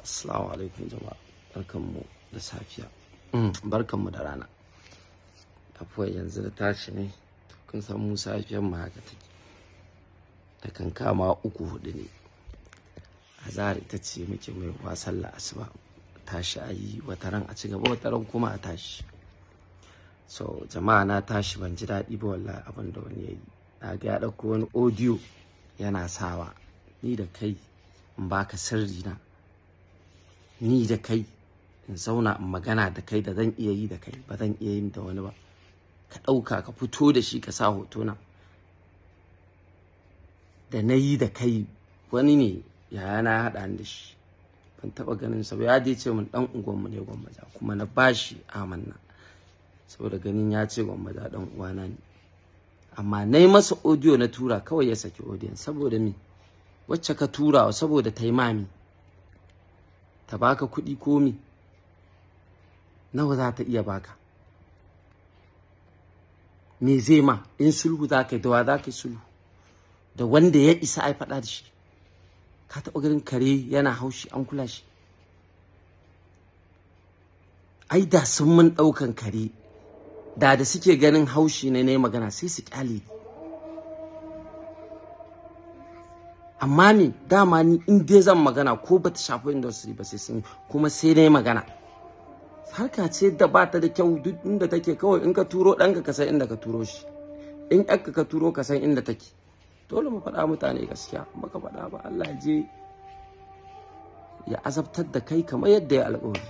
assalamu alaikum jama'a barkanmu da safiya mm. barkanmu da rana afuwa yanzu da tashi ne kun san mu safiyan mu haka take da kan kama uku hudu ne azhar ita ce muke mai wasan la'asuba tashi a yi wata ran a ci gaba wataran kuma a tashi so jama'a na tashi ban ji daɗi ba wallahi abin da wani ya yi na ga ya ɗauko wani audio yana sawa ni da kai in baka sirri na ni da kai in zauna in magana da kai da zan iya yi da kai ba zan iya yin da wani ba ka ɗauka ka fito da shi ka sa hotuna da na yi da kai wani ne yaya na haɗa ni da shi ban taɓa ganin sa ya je ce min ɗan mu ne maza kuma na bashi amanna saboda ganin ya ce dan ɗan uwana ne amma na yi masa odiyo na tura kawai ya saki audio saboda mi wacce ka turawa saboda taimami ta baka kuɗi komi nawa za ta iya baka me zai ma in sulhu za ka yi dawa za ka yi sulhu da wanda ya isa ai faɗa da shi ka taɓa ganin kare yana haushi an kula shi ai da sun mun ɗaukan kare da da suke ganin haushi ne na magana sai su ƙyale amma ne dama ni in dai zan magana ko bata shafi industry ba sai sun kuma sai dai magana harka ce da ba ta da kyau duk inda take kawai in ka turo ɗanka ka san inda ka turo shi in ɗanka ka turo ka san inda take dole mu faɗa mutane gaskiya ka faɗa ba Allah je ya azabtar da kai kamar yadda ya alƙawari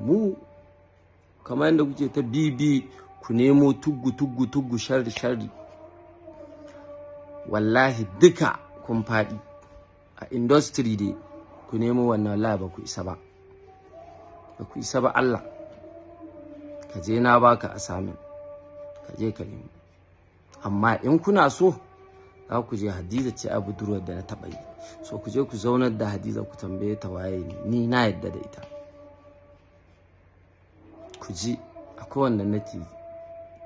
mu kamar yadda kuke ta bibi ku nemo tuggu tuggu tuggu sharri sharri wallahi duka kun faɗi a industry dai ku nemo wannan wallahi ba ku isa ba ba ku isa ba Allah ka je na baka assignment ka je ka nemo amma in kuna so za ku je hadiza ce a budurwar da na taɓa yi so ku je ku zaunar da hadiza ku tambaye ta waye ni ni na yadda da ita ku ji akwai wannan nake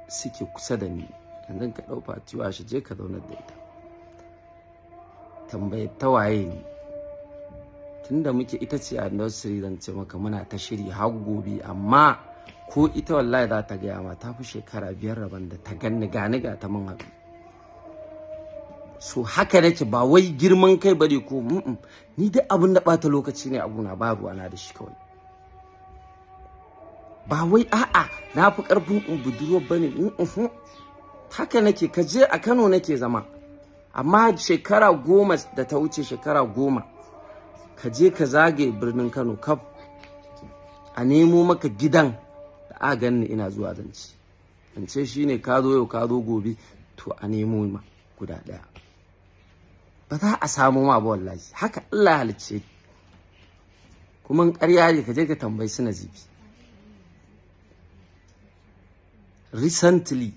suke kusa da ni yanzu ka ɗau fatiwa shi je ka zaunar da ita tambayar ta waye ne tunda muke ita ce a nursery zan ce maka muna ta shiri har gobe amma ko ita wallahi za ta gaya ma ta fi shekara biyar rabon da ta ganni gani ta mun haɗu so haka nake ba wai girman kai ba ne ko ni duk abin da bata lokaci ne a gona ba ruwa na da shi kawai ba wai a'a na fi ƙarfin budurwa bane haka nake ka je a Kano nake zama amma shekara goma da ta wuce shekara goma ka je ka zage birnin kano kaf a nemo maka gidan da a ganni ina zuwa zance zance shine ka zo yau ka zo gobe to a nemo ma guda ɗaya ba za a samu ma ba wallahi haka Allah halicce kuma in ƙarya ne ka je ka tambayi su zibi recently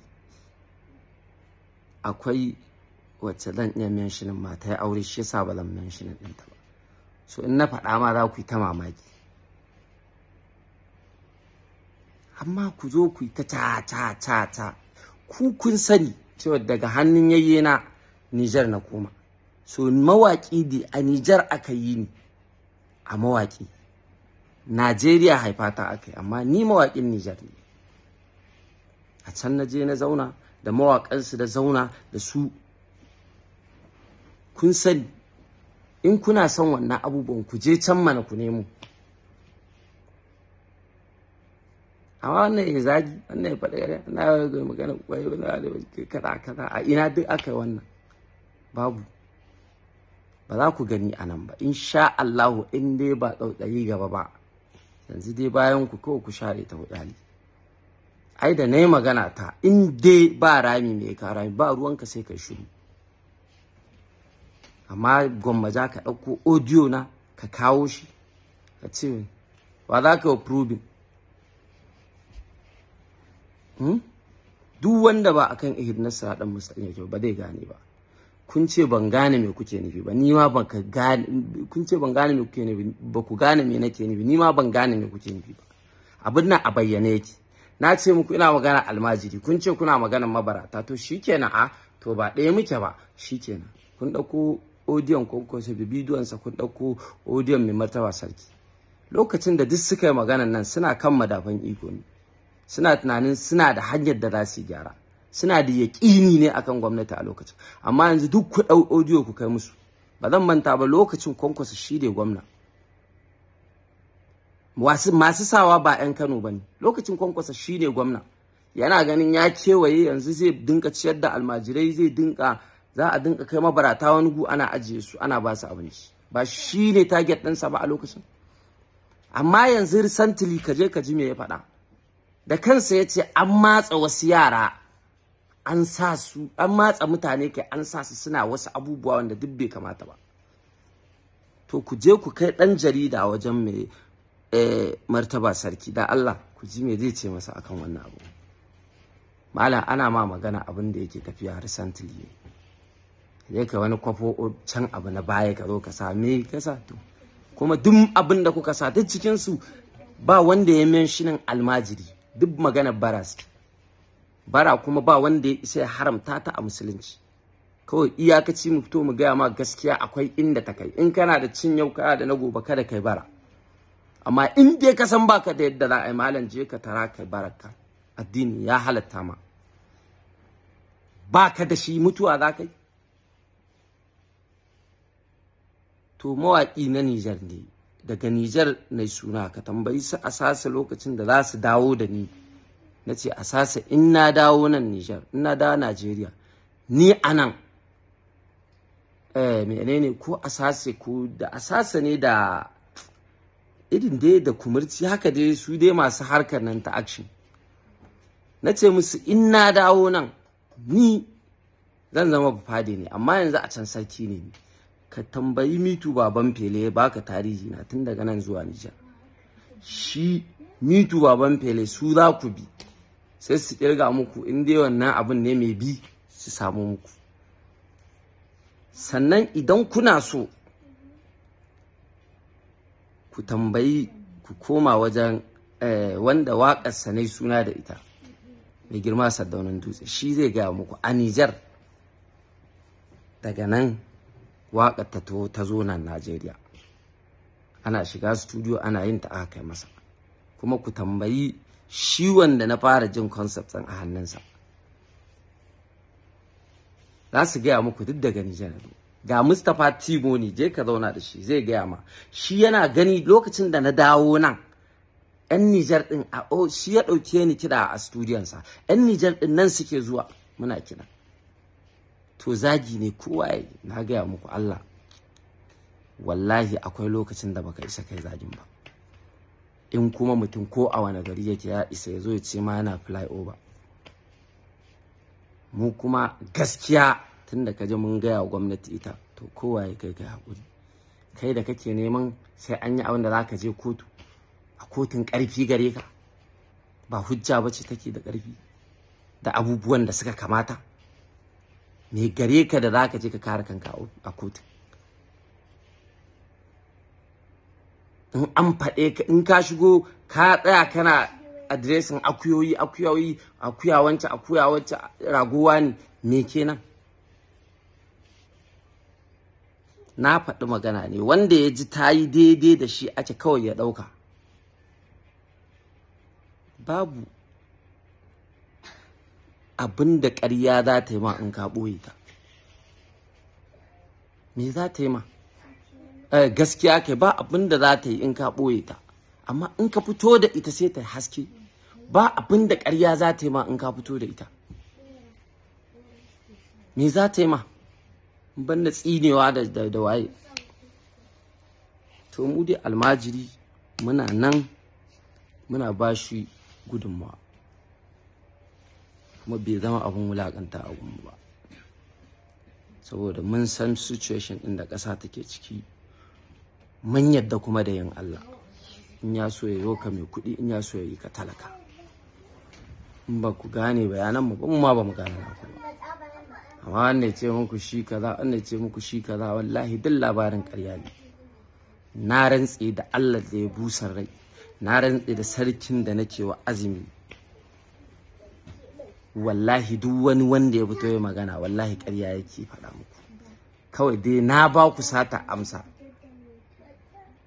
akwai wacce zan iya menshinin ma ta yi aure shi yasa ba zan menshinin ɗinta ba so in na faɗa ma za ku yi ta mamaki amma ku zo ku yi ta ta ta ta ta ku kun sani cewa daga hannun yayye na Nijar na koma so mawaƙi da a Nijar aka yi ni a mawaƙi Najeriya haifata aka yi amma ni mawaƙin Nijar ne a can na je na zauna da mawaƙansu da zauna da su kun sani in kuna son wannan abubuwan ku je can mana ku nemo amma wannan ya zagi wannan ya faɗi gare na ga magana kwaye wani kada-kada, a ina duk aka yi wannan babu ba za ku gani a nan ba sha Allahu in dai ba tsautsayi gaba ba yanzu dai bayan ku kawai ku share ta hudali ai da na yi magana ta in dai ba rami mai ka rami ba ruwanka sai ka shiru amma gwamma za ka ɗauko audio na ka kawo shi ka ce wa za ka yi hmm? duk wanda ba akan ihdinas siratal mustaqim yake ba zai gane ba kun ce ban gane me kuke nufi ba ni ma ban ka gane kun ce ban gane me kuke nufi ba ku gane me nake nufi ni ma ban gane me kuke nufi ba abin nan a bayyane yake na ce muku ina magana almajiri kun ce kuna magana mabarata to shikenan a to ba ɗaya muke ba shikenan kun ɗauko odiyon kwankwasa da bidiyonsa kun ɗauko odiyon mai martaba sarki lokacin da duk suka yi maganan nan suna kan madafan iko ne suna tunanin suna da hanyar da za su gyara suna da yaƙini ne akan gwamnati a lokacin amma yanzu duk ku ɗau odiyo ku kai musu ba zan manta ba lokacin kwankwasa shi ne gwamna masu sawa ba 'yan kano ba ne lokacin kwankwasa shi ne gwamna yana ganin ya kewaye yanzu zai dinka ciyar da almajirai zai dinka za a dinka kai mabarata wani gu ana ajiye su ana ba su abinci ba shi ne target ɗinsa ba a lokacin amma yanzu recently ka je ka ji me ya faɗa da kansa ya ce an matsa wasu yara an sa su an matsa mutane kai an sa su suna wasu abubuwa wanda duk bai kamata ba to ku je ku kai ɗan jarida wajen mai eh, martaba sarki da Allah ku ji me zai ce masa akan wannan abu malam ana ma magana abin da yake tafiya recently zai ka wani kwafo can abu na baya ka zo ka me ka sa to kuma duk abin da kuka sa duk cikin su ba wanda ya shinin almajiri duk magana bara suke bara kuma ba wanda ya isa ya haramta ta a musulunci kawai iyakaci mu fito mu gaya ma gaskiya akwai inda ta kai in kana da cin yau kana da na gobe kada kai bara amma in dai ka san baka da yadda za a yi malam je ka tara kai baraka addini ya halatta ma baka da shi mutuwa za ka to mawaƙi na Nijar ne daga Nijar na suna ka tambayi su a sasa lokacin da za su dawo da ni na ce a sasa in na dawo nan Nijar in na dawo Najeriya ni a nan eh, menene ko a sasa ko da sasa ne da irin dai da kumurci haka dai su dai masu harkar nan ta action na ce musu in na dawo nan ni zan zama bufade ne amma yanzu a can sarki ne ni ka tambayi mitu baban fele ya baka tarihi na tun daga nan zuwa nijar shi mitu baban fele su za ku bi sai su kirga muku in dai wannan abin ne mai bi su samu muku sannan idan kuna so ku tambayi ku koma wajen eh, wanda waƙar sanai suna da ita mai girma saddaunin dutse shi zai gaya muku a nijar daga nan waƙar ta ta zo nan Najeriya ana shiga studio ana yin ta aka kai masa kuma ku tambayi shi wanda na fara jin concept ɗin a hannunsa za su gaya muku duk da gani janado ga Mustapha Timoni je ka zauna da shi zai gaya ma shi yana gani lokacin da na dawo nan yan Nijar ɗin a oh, shi ya ɗauke ni kiɗa a studiyonsa yan Nijar ɗin nan suke zuwa muna kiɗa to zagi ne kowa ya na gaya muku Allah wallahi akwai lokacin da baka isa kai zagin ba in kuma mutum ko a wani gari yake ya isa ya zo ya ce ma yana fly over mu kuma gaskiya tun da kaji mun gaya wa gwamnati ita to kowa ya kai kai haƙuri kai da kake neman sai an yi abin da za ka je kotu a kotun ƙarfi gare ka ba hujja ba ce take da ƙarfi da abubuwan da suka kamata me gare ka da za ka je ka kare kanka a kotu in an faɗe ka in ka shigo ka tsaya kana adiresin akuyoyi akuyoyi akuya wance akuya raguwa ne me kenan na faɗi magana ne wanda ya ji ta yi daidai da shi ake kawai ya ɗauka babu abin da ƙarya za ta yi ma in ka ɓoye ta me za ta yi ma eh, gaskiya kai ba abin da za ta yi in ka ɓoye ta amma in ka fito da ita sai ta haske ba abin da ƙarya za ta yi ma in ka fito da ita me za ta yi ma ban da tsinewa da waye to mu dai almajiri muna nan muna ba shi gudunmawa kuma bai zama abin wulakanta a gunmu ba saboda mun san situation ɗin da ƙasa take ciki mun yadda kuma da yin Allah in ya so ya yi ka mai kuɗi in ya so ya yi ka talaka in ba ku gane bayanan mu mu ma ba mu gane na ba amma an ce muku shi kaza an ce muku shi kaza wallahi duk labarin ƙarya ne na rantse da Allah da ya busar rai na rantse da sarkin da nake wa azumi wallahi duk wani wanda ya fito ya magana wallahi ƙarya yake faɗa muku kawai dai na ba ku sata amsa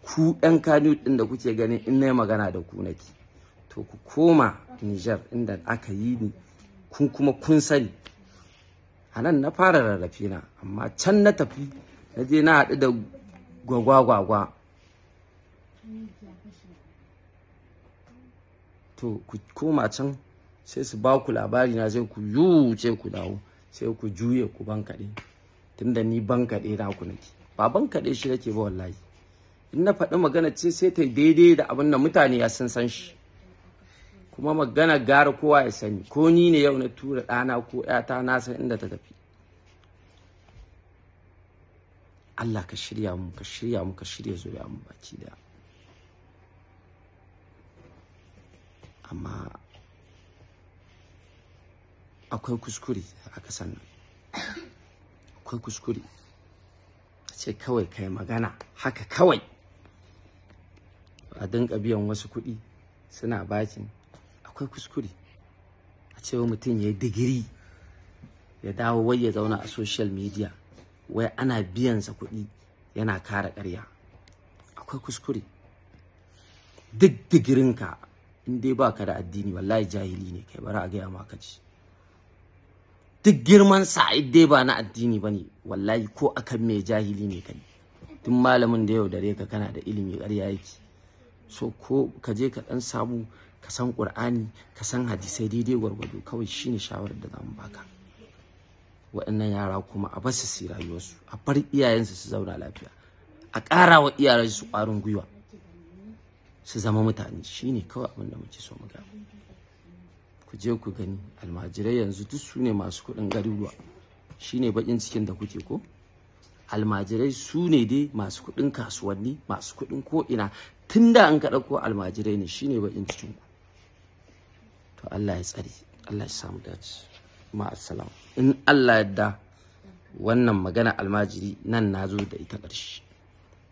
ku ɗan kanu ɗin da kuke ganin in na magana da ku nake to ku koma Nijar inda aka yi ni kun kuma kun sani a nan na fara rarrafe na amma can na tafi na je na haɗu da gwagwagwagwa to ku koma can sai su ba ku labari na sai ku yuce ku dawo sai ku juye ku bankaɗe tunda ni bankaɗe na ku nake ba bankaɗe shi nake ba wallahi in na faɗi magana ce sai ta daidai da abin da mutane ya san san shi kuma magana gara kowa ya sani ko ni ne yau na tura ɗana ko ƴata na san inda ta tafi Allah ka shirya mu ka shirya mu ka shirya zuriya mu baki da amma akwai kuskure a kasan nan akwai kuskure ce kawai kai magana haka kawai a dinka biyan wasu kuɗi suna bakin akwai kuskure a cewa mutum ya yi digiri ya dawo wai ya zauna a social media wai ana biyan sa kuɗi yana kara ƙarya akwai kuskure duk digirinka in dai baka da addini wallahi jahili ne kai bara a gaya maka ji. duk girman sa dai ba na addini ba ne. wallahi ko akan mai jahili ne kai Tun malamin da yau dare ka kana da ilimi ƙarya yake so ko ka je ka ɗan sabu, ka san Kur'ani, ka san hadisai daidai gwargwado kawai shine shawarar da zamu baka waɗannan yara kuma a basu su rayuwarsu a bar iyayensu su zauna lafiya a ƙara wa iyayensu ƙwarin gwiwa su zama mutane shine kawai abin da muke so mu gaba ku je ku gani almajirai yanzu duk su ne masu kuɗin garuruwa shi ne baƙin cikin da kuke ko almajirai su ne dai masu kuɗin kasuwanni masu kuɗin ko'ina tun da an ka ɗauko almajirai ne shi ne baƙin cikin ku to Allah ya tsare Allah ya samu dace ma'asalam in Allah yadda wannan magana almajiri nan na zo da ita ƙarshe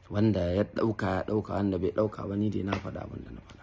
wanda ya ɗauka ya ɗauka wanda bai ɗauka ba ni dai na faɗa abin da na faɗa